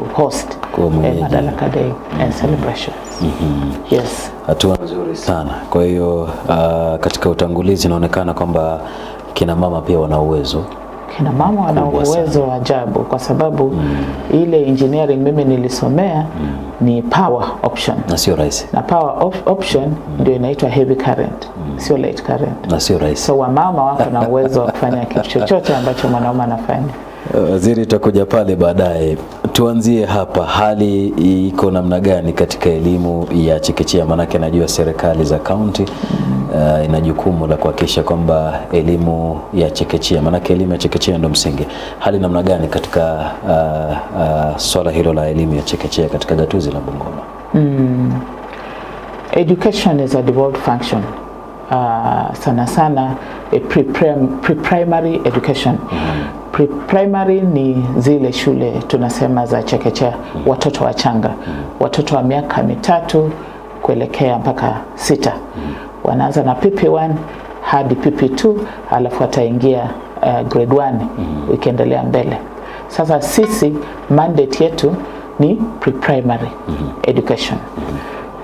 host eh, Madaraka Day and mm-hmm. celebrations. Mm-hmm. Yes. Hatua nzuri sana. Kwa hiyo uh, katika utangulizi inaonekana kwamba kina mama pia wana uwezo kina mama wana uwezo wa ajabu kwa sababu mm. ile engineering mimi nilisomea mm. ni power option na sio rahisi, na power of option mm. ndio mm. inaitwa heavy current mm. sio light current, na sio rahisi. So wamama wako na uwezo wa kufanya kitu chochote ambacho mwanaume anafanya. Waziri, tutakuja pale baadaye tuanzie hapa, hali iko namna gani katika elimu ya chekechea? Maanake najua serikali za kaunti uh, ina jukumu la kuhakikisha kwamba elimu ya chekechea, maanake elimu ya chekechea ndio msingi. Hali namna gani katika uh, uh, swala hilo la elimu ya chekechea katika gatuzi la Bungoma? Mm. Education is a devolved function. Uh, sana sana a pre-primary education mm -hmm. Pre-primary ni zile shule tunasema za chekechea, watoto wachanga, watoto wa miaka mitatu kuelekea mpaka sita, wanaanza na PP1 hadi PP2, alafu ataingia uh, eh, grade 1 ikiendelea mbele. Sasa sisi mandate yetu ni pre-primary education.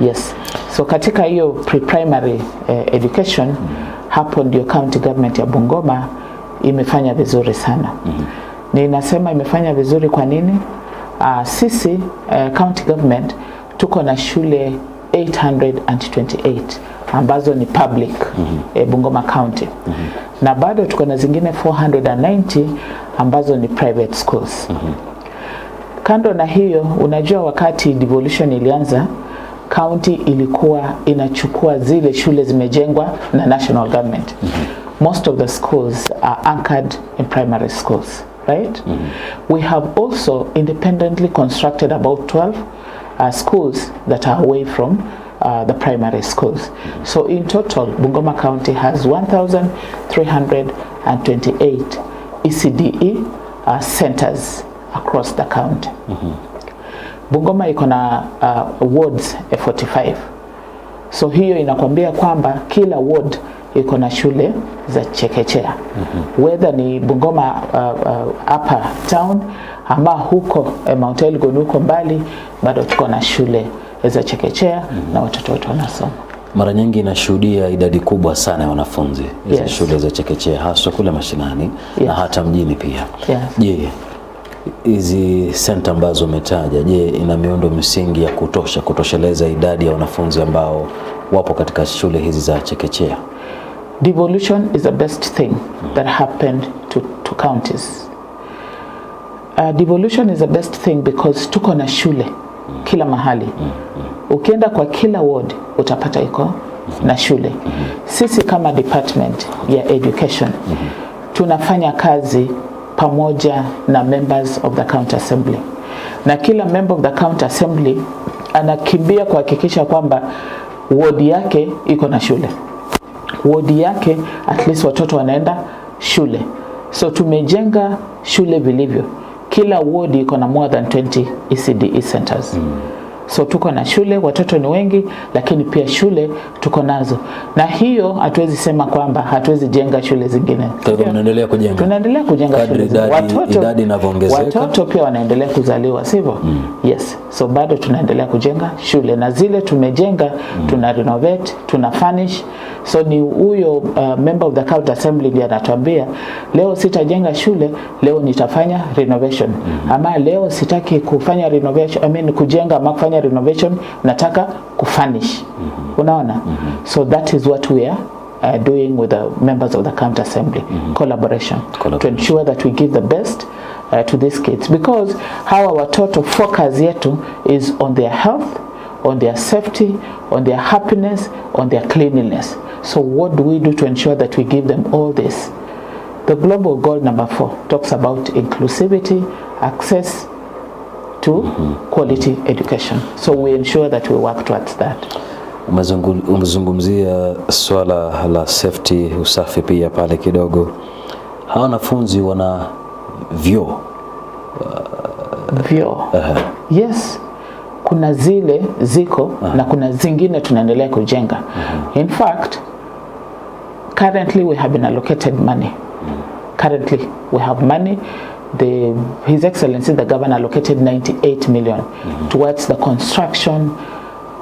Yes. So katika hiyo pre-primary uh, education hapo ndio county government ya Bungoma imefanya vizuri sana mm -hmm. Ninasema imefanya vizuri kwa nini? Uh, sisi uh, county government tuko na shule 828 ambazo ni public mm -hmm. e, Bungoma County mm -hmm. na bado tuko na zingine 490 ambazo ni private schools mm -hmm. Kando na hiyo, unajua wakati devolution ilianza county ilikuwa inachukua zile shule zimejengwa na national government mm -hmm most of the schools are anchored in primary schools, right? Mm -hmm. We have also independently constructed about 12 uh, schools that are away from uh, the primary schools. Mm-hmm. So in total, Bungoma County has 1,328 ECDE uh, centers across the county. Mm -hmm. Bungoma ikona uh, wards 45. So hiyo inakwambia kwamba kila ward iko na shule za chekechea mm -hmm. Whether ni Bungoma uh, uh, upper town ama huko eh, Mount Elgon huko mbali, bado tuko na shule za chekechea mm -hmm. na watoto wetu wanasoma. Mara nyingi inashuhudia idadi kubwa sana ya wanafunzi za yes. shule za chekechea haswa kule mashinani yes. na hata mjini pia yes. Je, hizi senta ambazo umetaja, je, ina miundo misingi ya kutosha kutosheleza idadi ya wanafunzi ambao wapo katika shule hizi za chekechea? devolution is the best thing that happened to, to counties. Uh, devolution is the best thing because tuko na shule kila mahali. Ukienda kwa kila ward utapata iko na shule. Sisi kama department ya education tunafanya kazi pamoja na members of the county assembly, na kila member of the county assembly anakimbia kuhakikisha kwamba ward yake iko na shule wodi yake, at least watoto wanaenda shule. So tumejenga shule vilivyo, kila wodi iko na more than 20 ECD e centers mm. So tuko na shule, watoto ni wengi, lakini pia shule tuko nazo, na hiyo hatuwezi sema kwamba hatuwezi jenga shule zingine. Tunaendelea kujenga, tunaendelea kujenga shule idadi, watoto, idadi inavyoongezeka, watoto pia wanaendelea kuzaliwa, sivyo? Mm. Yes, so bado tunaendelea kujenga shule na zile tumejenga, mm. tuna renovate, tuna furnish. So ni huyo uh, member of the county assembly ndiye anatuambia leo sitajenga shule, leo nitafanya renovation, mm. -hmm. ama leo sitaki kufanya renovation, I mean kujenga ama kufanya kufanya renovation, nataka kufurnish. mm -hmm. Unaona? mm -hmm. So that is what we are Uh, doing with the members of the county assembly mm -hmm. collaboration, collaboration to ensure that we give the best uh, to these kids because how our total focus yetu is on their health on their safety on their happiness on their cleanliness so what do we do to ensure that we give them all this the global goal number four talks about inclusivity access to quality education. So we ensure that we work towards that. Umezungumzia swala la safety, usafi pia pale kidogo. Hawa wanafunzi wana vyoo uh, vyoo uh Yes, kuna zile ziko uh na kuna zingine tunaendelea kujenga uh In fact currently we have been allocated money mhm. Currently we have money the, His Excellency the Governor allocated 98 million mm -hmm. towards the construction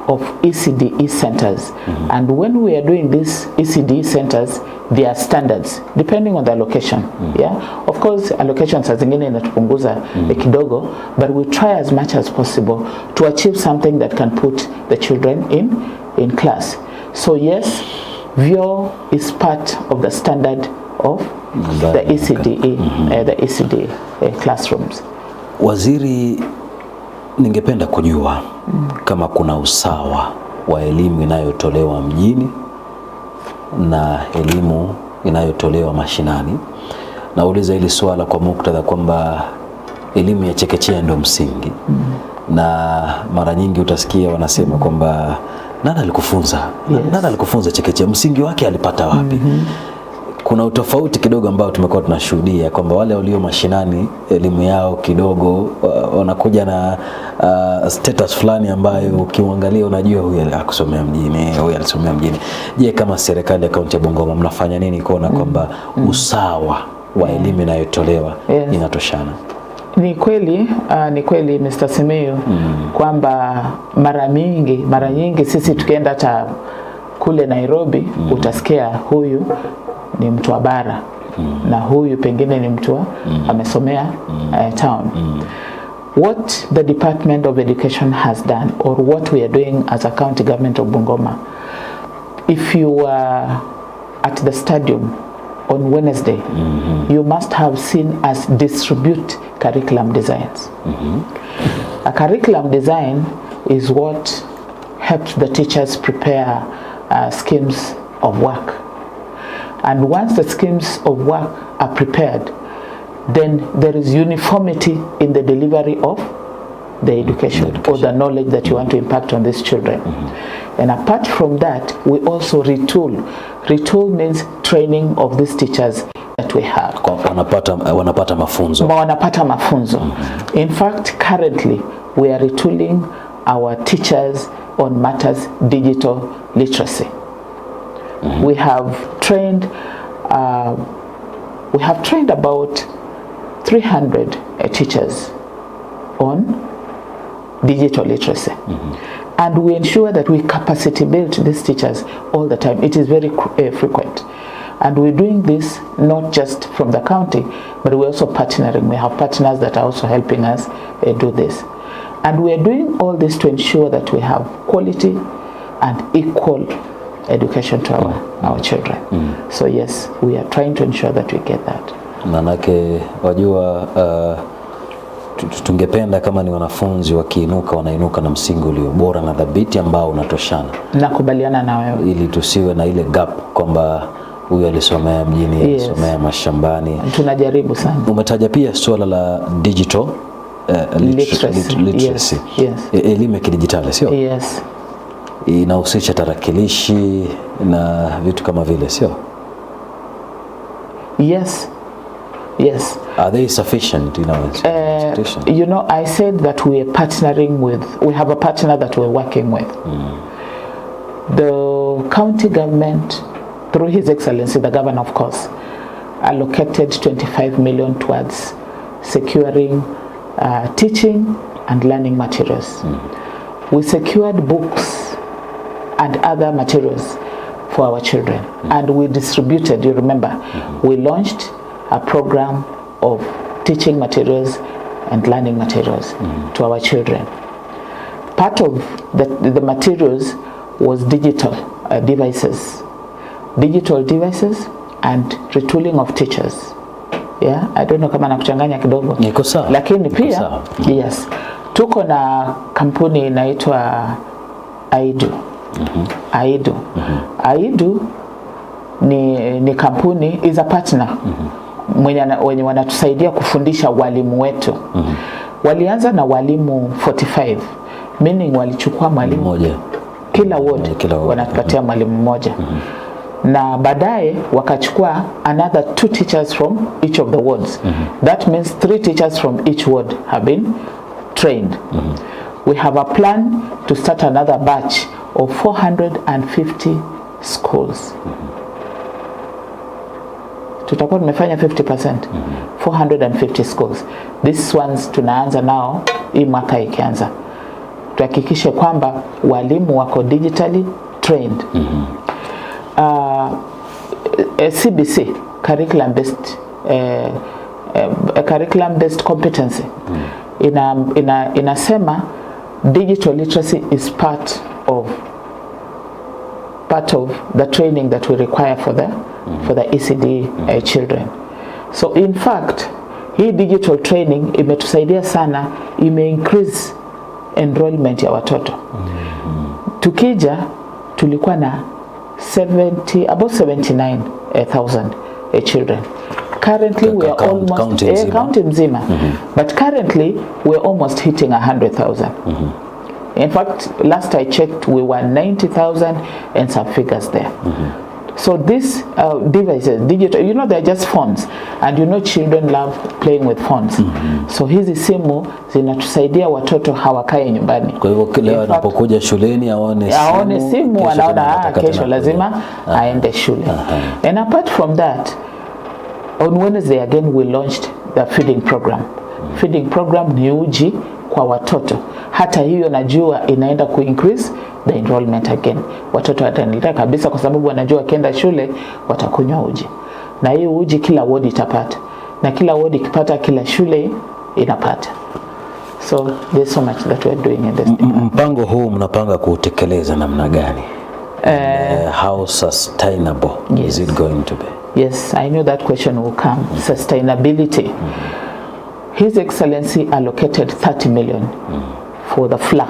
of ECDE e centers. Mm -hmm. And when we are doing these ECDE e centers, there are standards depending on the location. Mm -hmm. Yeah, of course allocations saa zingine inatupunguza mm -hmm. kidogo, but we try as much as possible to achieve something that can put the children in in class. So yes, vio is part of the standard of the ECDE, mm -hmm. uh, the ECD uh, e, eh, classrooms. Waziri, ningependa kujua mm. kama kuna usawa wa elimu inayotolewa mjini na elimu inayotolewa mashinani. Nauliza hili swala kwa muktadha kwamba elimu ya chekechea ndio msingi mm. na mara nyingi utasikia wanasema mm. kwamba nani alikufunza, yes. nani alikufunza chekechea, msingi wake alipata wapi? mm -hmm kuna utofauti kidogo ambao tumekuwa tunashuhudia kwamba wale walio mashinani elimu yao kidogo uh, wanakuja na uh, status fulani ambayo ukiangalia unajua huyu alikusomea mjini, huyu alisomea mjini. Je, kama serikali ya kaunti ya Bungoma mnafanya nini kuona kwamba mm. Mm. usawa wa elimu inayotolewa yes. inatoshana? Ni kweli uh, ni kweli Mr. Simiyu mm. kwamba mara mingi mara nyingi sisi tukienda hata kule Nairobi mm. utasikia huyu ni mtu wa bara mm. na huyu pengine ni mtu mm. amesomea mm. uh, town mm. what the Department of Education has done or what we are doing as a county government of Bungoma if you are at the stadium on Wednesday mm -hmm. you must have seen us distribute curriculum designs mm -hmm. a curriculum design is what helps the teachers prepare uh, schemes of work And once the schemes of work are prepared, then there is uniformity in the delivery of the education, education. or the knowledge that you want to impact on these children. Mm -hmm. And apart from that, we also retool. Retool means training of these teachers that we have. wanapata, wanapata mafunzo. wanapata mafunzo. Mm -hmm. In fact, currently we are retooling our teachers on matters digital literacy we have trained uh, we have trained about 300 uh, teachers on digital literacy mm -hmm. and we ensure that we capacity build these teachers all the time it is very uh, frequent and we're doing this not just from the county but we're also partnering we have partners that are also helping us uh, do this and we're doing all this to ensure that we have quality and equal education to our, mm. our children. Mm. So yes, we are trying to ensure that we get that. Manake wajua uh, tungependa kama ni wanafunzi wakiinuka wanainuka na msingi ulio bora na dhabiti ambao unatoshana. Nakubaliana na wewe. Ili tusiwe na ile gap kwamba huyu alisomea mjini, alisomea yes, mashambani. Tunajaribu sana. Umetaja pia suala la digital uh, literacy, literacy. Yes, yes. E-, elimu ya kidijitali sio? Yes inahusisha tarakilishi na vitu kama vile, sio? Yes. Yes. Are they sufficient in our uh, institution? Uh, you know, I said that we are partnering with, we have a partner that we're working with. Mm. The county government, through His Excellency, the governor, of course, allocated 25 million towards securing uh, teaching and learning materials. Mm. We secured books and other materials for our children. And we distributed, you remember, we launched a program of teaching materials and learning materials to our children. Part of the, the materials was digital uh, devices, digital devices and retooling of teachers. Yeah, I don't know kama nakuchanganya kidogo. Niko sawa. Lakini pia Yes. Tuko na kampuni inaitwa Aidu mm -hmm. Aidu mm -hmm. Aidu ni, ni kampuni is a partner mm -hmm. wenye wanatusaidia kufundisha walimu wetu mm -hmm. Walianza na walimu 45 meaning walichukua mwalimu mmoja kila ward, kila ward. Wanatupatia mm-hmm. mwalimu mm -hmm. mmoja mm -hmm na baadaye wakachukua another two teachers from each of the wards mm -hmm. that means three teachers from each ward have been trained mm -hmm. we have a plan to start another batch mm -hmm of 450 schools tutakuwa tumefanya 50% mm -hmm. 450 schools this ones tunaanza nao hii mwaka ikianza tuhakikishe kwamba walimu wako digitally trained mm -hmm. uh, CBC eh, curriculum based uh, uh, curriculum based competency mm -hmm. ina, ina, inasema digital literacy is part of part of the training that we require for the for the ECD uh, children. So in fact hii digital training imetusaidia sana, ime increase enrollment ya watoto. Mm-hmm. Tukija tulikuwa na 70 about 79000 uh, uh, children currently we are almost county eh, county mzima. Mm -hmm. But currently we are almost hitting 100,000. Mm -hmm. In fact last I checked we were 90,000 and some figures there. Mm -hmm. So these uh, devices, digital, you know, they're just phones, and you know, children love playing with phones. mm -hmm. So hizi simu zinatusaidia watoto hawakae nyumbani. Kwa hivyo kile wanapokuja shuleni aone simu, aone simu, anaona kesho ah, lazima aende shule. Aha. And apart from that On Wednesday again we launched the feeding program. Feeding program ni uji kwa watoto. Hata hiyo najua inaenda ku increase the enrollment again. Watoto wataendelea kabisa, kwa sababu wanajua wakienda shule watakunywa uji, na hiyo uji kila wodi itapata, na kila wodi ikipata, kila shule inapata. So there's so much that we are doing in this. Mpango huu mnapanga kuutekeleza namna gani? Eh. Uh, how sustainable yes. is it going to be? Yes, I knew that question will come. Sustainability. His Excellency allocated 30 million for the fla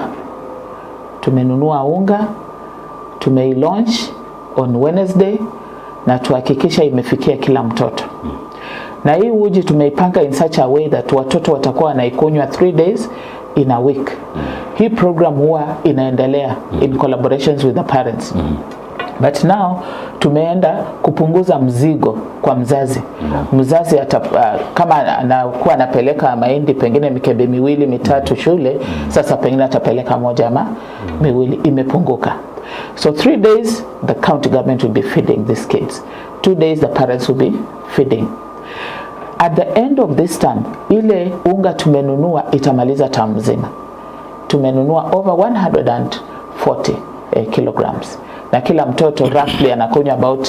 Tumenunua unga, tumeilaunch on Wednesday na tuhakikisha imefikia kila mtoto. Na hii uji tumeipanga in such a way that watoto watakuwa wanaikunywa 3 days in a week. Hii program huwa inaendelea in collaborations with the parents. But now tumeenda kupunguza mzigo kwa mzazi. Mm. Mzazi atap, uh, kama anakuwa anapeleka mahindi pengine mikebe miwili mitatu mm. shule, mm. sasa pengine atapeleka moja ama miwili, imepunguka. So three days the county government will be feeding these kids, two days the parents will be feeding at the end of this term, ile unga tumenunua itamaliza term mzima. Tumenunua over 140 eh, kilograms na kila mtoto roughly anakunywa about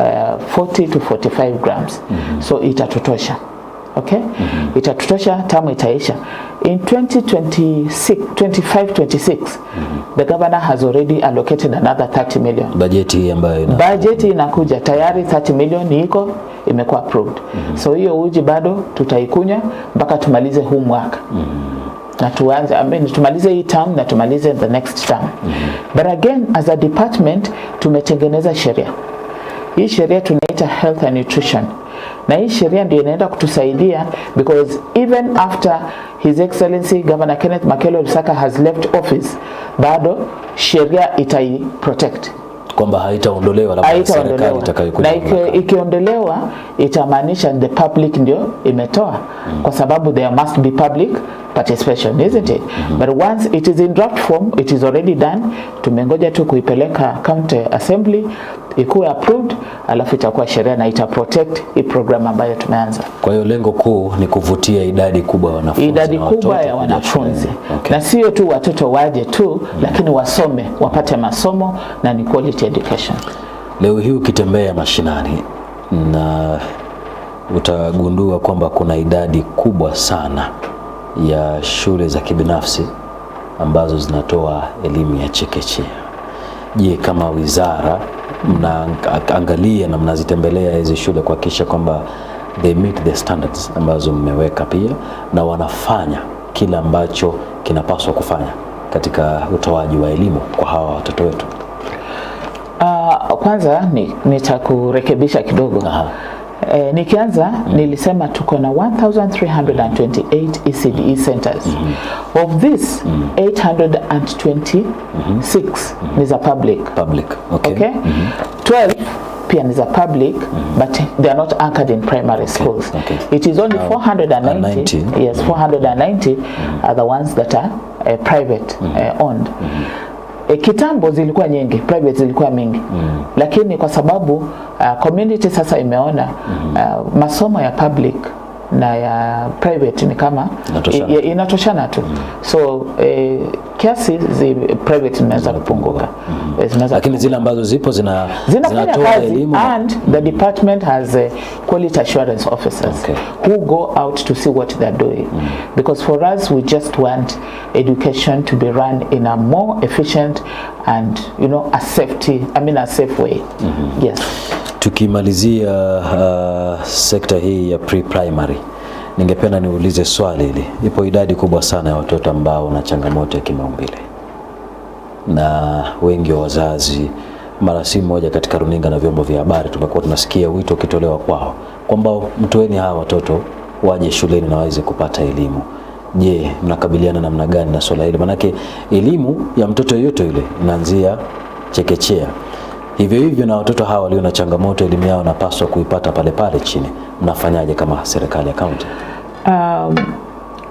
uh, eh, 40 to 45 grams mm -hmm. so itatutosha okay mm -hmm. itatutosha tamu itaisha in 2026 25 26 mm -hmm. the governor has already allocated another 30 million bajeti hii ambayo ina bajeti inakuja tayari 30 million iko imekuwa approved mm -hmm. so hiyo uji bado tutaikunywa mpaka tumalize huu mwaka mm -hmm na tuanze I mean, tumalize hii term na tumalize the next term mm -hmm. But again as a department tumetengeneza sheria hii sheria tunaita health and nutrition, na hii sheria ndio inaenda kutusaidia because even after His Excellency Governor Kenneth Makelo Lusaka has left office, bado sheria itai protect kwamba haitaondolewa labda serikali itakayokuja, na ikiondolewa itamaanisha the public ndio imetoa mm. Kwa sababu there must be public participation isn't it? Mm -hmm. But once it is in draft form, it is already done. Tumengoja tu kuipeleka county assembly ikuwe approved, alafu itakuwa sheria na ita protect hii program ambayo tumeanza. Kwa hiyo lengo kuu ni kuvutia idadi kubwa wanafunzi, idadi kubwa ya wanafunzi okay. Na sio tu watoto waje tu mm -hmm. Lakini wasome wapate masomo na ni quality education. Leo hii ukitembea mashinani na utagundua kwamba kuna idadi kubwa sana ya shule za kibinafsi ambazo zinatoa elimu ya chekechea. Je, kama wizara mnaangalia na mnazitembelea hizi shule kuhakikisha kwamba they meet the standards ambazo mmeweka pia na wanafanya kila ambacho kinapaswa kufanya katika utoaji wa elimu kwa hawa watoto wetu? Uh, kwanza nitakurekebisha ni kidogo. Aha. Eh, nikianza nilisema tuko na 1328 ECDE centers mm -hmm. Of this mm -hmm. 826 mm -hmm. ni za public, public. Okay. Okay? Mm -hmm. 12 pia ni za public mm -hmm. but they are not anchored in primary okay. schools okay. It is only uh, 490 yes 490 mm -hmm. are the ones that are uh, private mm -hmm. uh, owned mm -hmm. E, kitambo zilikuwa nyingi, private zilikuwa mingi mm. Lakini kwa sababu uh, community sasa imeona mm. uh, masomo ya public na ya private ni kama inatoshana tu mm. so eh, kiasi zi private zimeweza kupunguka mm -hmm. Lakini zile ambazo zipo zina zinatoa elimu and the department has a eh, quality assurance officers okay. who go out to see what they're doing mm -hmm. because for us we just want education to be run in a more efficient and you know a safety I mean a safe way mm -hmm. yes. Tukimalizia uh, sekta hii ya pre primary Ningependa niulize swali hili. Ipo idadi kubwa sana ya watoto ambao wana changamoto ya kimaumbile, na wengi wa wazazi, mara si moja, katika runinga na vyombo vya habari tumekuwa tunasikia wito ukitolewa kwao kwamba mtoeni hawa watoto waje shuleni na waweze kupata elimu. Je, mnakabiliana namna gani na swala hili? Maanake elimu ya mtoto yoyote yule inaanzia chekechea, hivyo hivyo na watoto hawa walio na changamoto, elimu yao napaswa kuipata pale pale chini mnafanyaje kama serikali ya kaunti? Um,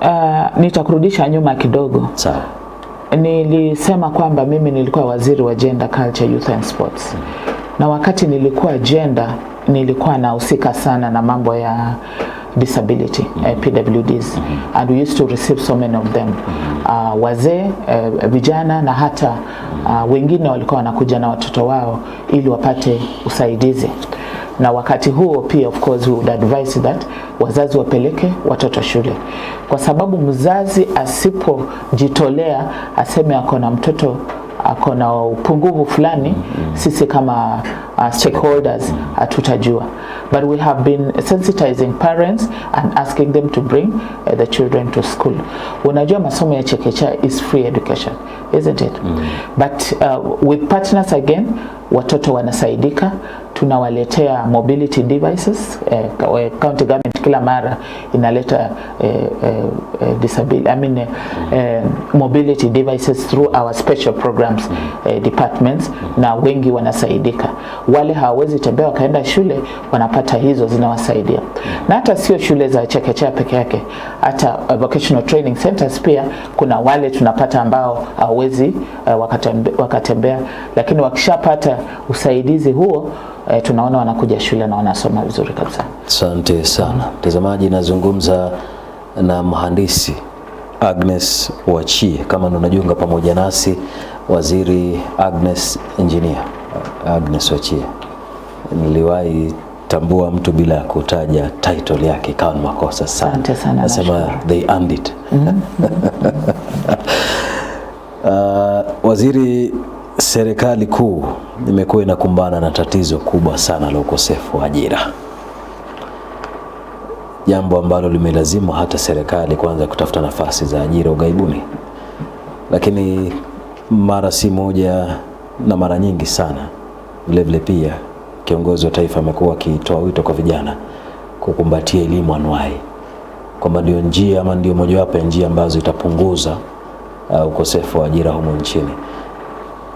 uh, nitakurudisha nyuma kidogo. Sawa. Nilisema kwamba mimi nilikuwa waziri wa gender, culture, youth and sports mm -hmm. na wakati nilikuwa gender nilikuwa nahusika sana na mambo ya disability mm -hmm. uh, eh, PWDs mm -hmm. and we used to receive so many of them mm -hmm. uh, wazee uh, vijana na hata hmm. uh, wengine walikuwa wanakuja na watoto wao ili wapate usaidizi na wakati huo pia of course we would advise that wazazi wapeleke watoto shule, kwa sababu mzazi asipojitolea aseme ako na mtoto ako na upungufu fulani, mm-hmm. sisi kama uh, stakeholders mm-hmm. hatutajua, but we have been sensitizing parents and asking them to bring uh, the children to school. Unajua, masomo ya chekechea is free education isn't it? Mm -hmm. But uh, with partners again, watoto wanasaidika tunawaletea mobility devices eh, eh, county government kila mara inaleta eh, eh, eh disability, I mean, eh, eh, mobility devices through our special programs eh, departments, na wengi wanasaidika. Wale hawawezi tembea wakaenda shule wanapata hizo, zinawasaidia na hata sio shule za chekechea peke yake, hata vocational training centers pia kuna wale tunapata ambao hawawezi eh, wakatembea, wakatembea, lakini wakishapata usaidizi huo e, tunaona wanakuja shule na wanasoma vizuri kabisa. Asante sana mtazamaji, mm -hmm. Nazungumza na mhandisi Agnes Wachie, kama unajiunga pamoja nasi, waziri Agnes Engineer Agnes Wachie. Niliwahi tambua mtu bila ya kutaja title yake, ikawa ni makosa sana. Nasema they earned it. Mm-hmm. Uh, waziri Serikali kuu imekuwa inakumbana na tatizo kubwa sana la ukosefu wa ajira, jambo ambalo limelazimu hata serikali kuanza kutafuta nafasi za ajira ugaibuni. Lakini mara si moja na mara nyingi sana vilevile, pia kiongozi wa taifa amekuwa akitoa wito kwa vijana kukumbatia elimu anwai kwamba ndio njia ama ndio mojawapo ya njia ambazo itapunguza uh, ukosefu wa ajira humo nchini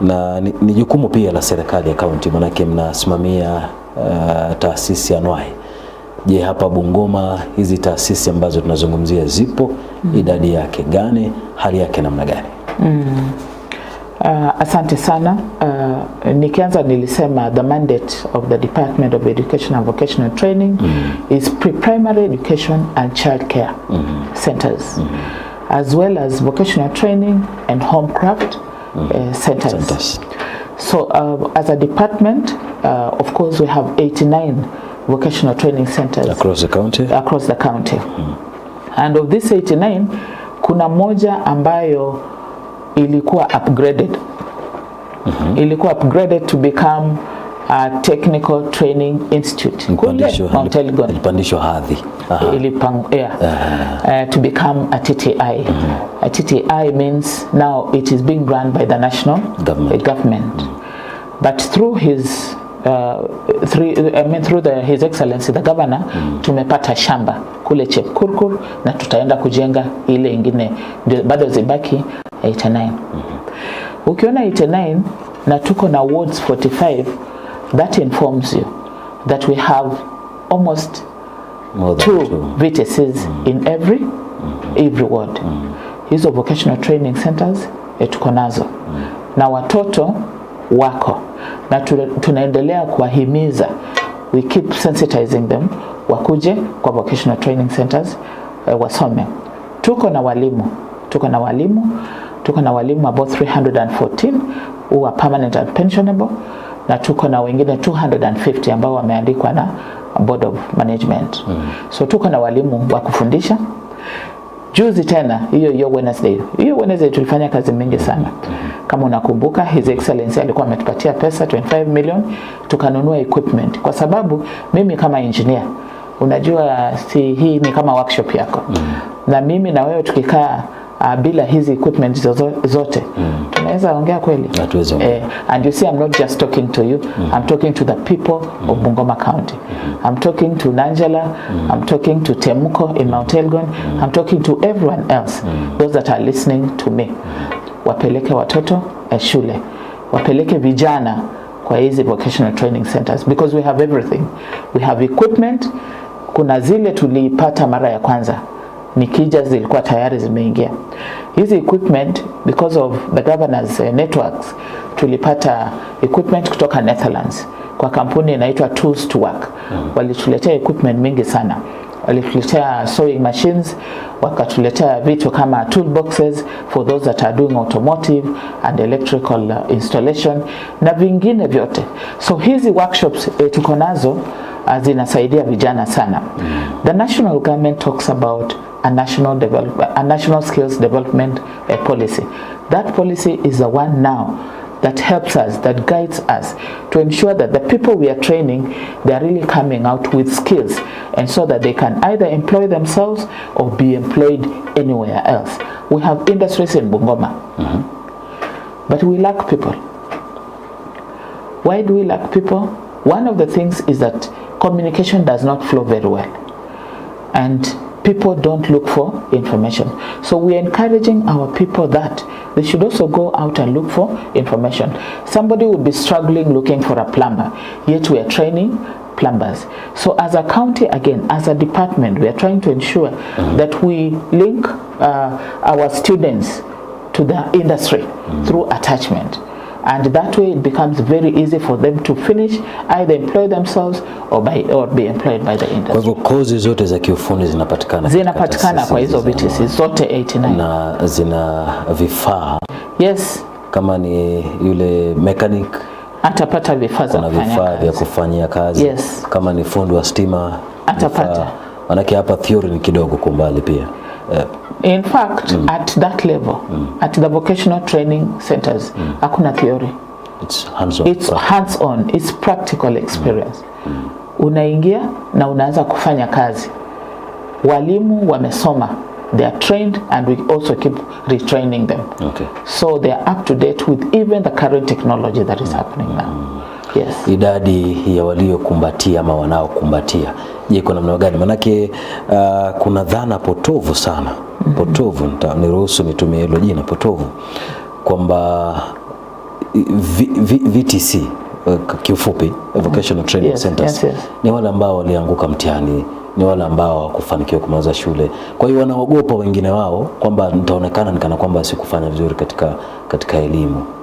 na ni, ni jukumu pia la serikali ya kaunti, manake mnasimamia uh, taasisi anuai. Je, hapa Bungoma hizi taasisi ambazo tunazungumzia zipo mm. idadi yake gani? hali yake namna gani? mm. Uh, asante sana uh, nikianza nilisema the mandate of the Department of Education and Vocational Training mm -hmm. is pre-primary education and child care mm -hmm. centers mm -hmm. as well as vocational training and home craft uh, mm. centers. centers. So uh, as a department, uh, of course, we have 89 vocational training centers across the county, across the county. Mm. And of this 89 kuna moja ambayo ilikuwa upgraded. Mm -hmm. Ilikuwa upgraded to become uh, Technical Training Institute kule Mount Elgon, ilipandishwa hadhi ilipang, yeah, uh, to become a TTI. Mm -hmm. A TTI means now it is being run by the national government, government. Mm -hmm. but through his Uh, through, I mean, through the, His Excellency the Governor mm. Tumepata shamba kule Chepkurkur na tutaenda kujenga ile ingine bado zibaki 89. Mm -hmm. Ukiona 89 na tuko na wards 45 That informs you that we have almost two, two, VTCs mm. in every, mm. every ward. Mm. Hizo vocational training centers eh, tuko nazo mm. na watoto wako na tunaendelea kuwahimiza, we keep sensitizing them wakuje kwa vocational training centers uh, wasome. Tuko na walimu tuko na walimu tuko na walimu about 314 who are permanent and pensionable na tuko na wengine 250 ambao wameandikwa na board of management mm. So tuko na walimu wa kufundisha. Juzi tena hiyo hiyo Wednesday, hiyo Wednesday tulifanya kazi mingi sana mm -hmm. Kama unakumbuka His Excellency alikuwa ametupatia pesa 25 million tukanunua equipment, kwa sababu mimi kama engineer unajua, si hii ni kama workshop yako mm -hmm. na mimi na wewe tukikaa uh, bila hizi equipment zote mm. tunaweza ongea kweli eh, and you see I'm not just talking to you mm. I'm talking to the people mm. of Bungoma County mm. I'm talking to Nanjala mm. I'm talking to Temuko in Mount mm. Elgon mm. I'm talking to everyone else mm. those that are listening to me mm. wapeleke watoto eh, shule wapeleke vijana kwa hizi vocational training centers because we have everything we have equipment kuna zile tuliipata mara ya kwanza ni kija zilikuwa tayari zimeingia hizi equipment because of the governors uh, networks tulipata equipment kutoka Netherlands kwa kampuni inaitwa Tools to Work mm. walituletea equipment mingi sana walituletea sewing machines, wakatuletea vitu kama toolboxes for those that are doing automotive and electrical uh, installation na vingine vyote. So hizi workshops eh, tuko nazo uh, zinasaidia vijana sana. Mm. The national government talks about a national develop, a national skills development eh, policy. That policy is the one now that helps us, that guides us to ensure that the people we are training, they are really coming out with skills and so that they can either employ themselves or be employed anywhere else. We have industries in Bungoma, mm -hmm. but we lack people. Why do we lack people? One of the things is that communication does not flow very well. And people don't look for information. So we're encouraging our people that they should also go out and look for information. Somebody would be struggling looking for a plumber, yet we are training plumbers. So as a county, again, as a department, we are trying to ensure mm. that we link uh, our students to the industry mm. through attachment and that way it becomes very easy for them to finish either employ themselves or, by, or be employed by the industry. Kwa hivyo kozi zote za kiufundi zinapatikana, zinapatikana kwa hizo BTC zote 89 na zina vifaa yes. Kama ni yule mechanic atapata vifaa za kufanya vifaa vya kufanyia kazi yes. Kama ni fundi wa stima atapata, manake hapa theory ni kidogo kumbali pia yeah. In fact, mm. at that level, mm. at the vocational training centers, mm. hakuna theory. It's hands on. It's hands on. It's practical experience. Mm. Mm. Unaingia na unaanza kufanya kazi. Walimu wamesoma. They are trained and we also keep retraining them. Okay. So they are up to date with even the current technology that is happening mm. now. Yes. Idadi ya waliokumbatia ama wanaokumbatia, je, iko namna gani? manake uh, kuna dhana potovu sana potovu, niruhusu nitumie hilo jina potovu, kwamba VTC eh, kiufupi vocational training yes, centers yes, yes. Ni wale ambao walianguka mtihani, ni wale ambao hawakufanikiwa kumaliza shule. Kwa hiyo wanaogopa wengine wao kwamba nitaonekana nikana kwamba sikufanya vizuri katika, katika elimu.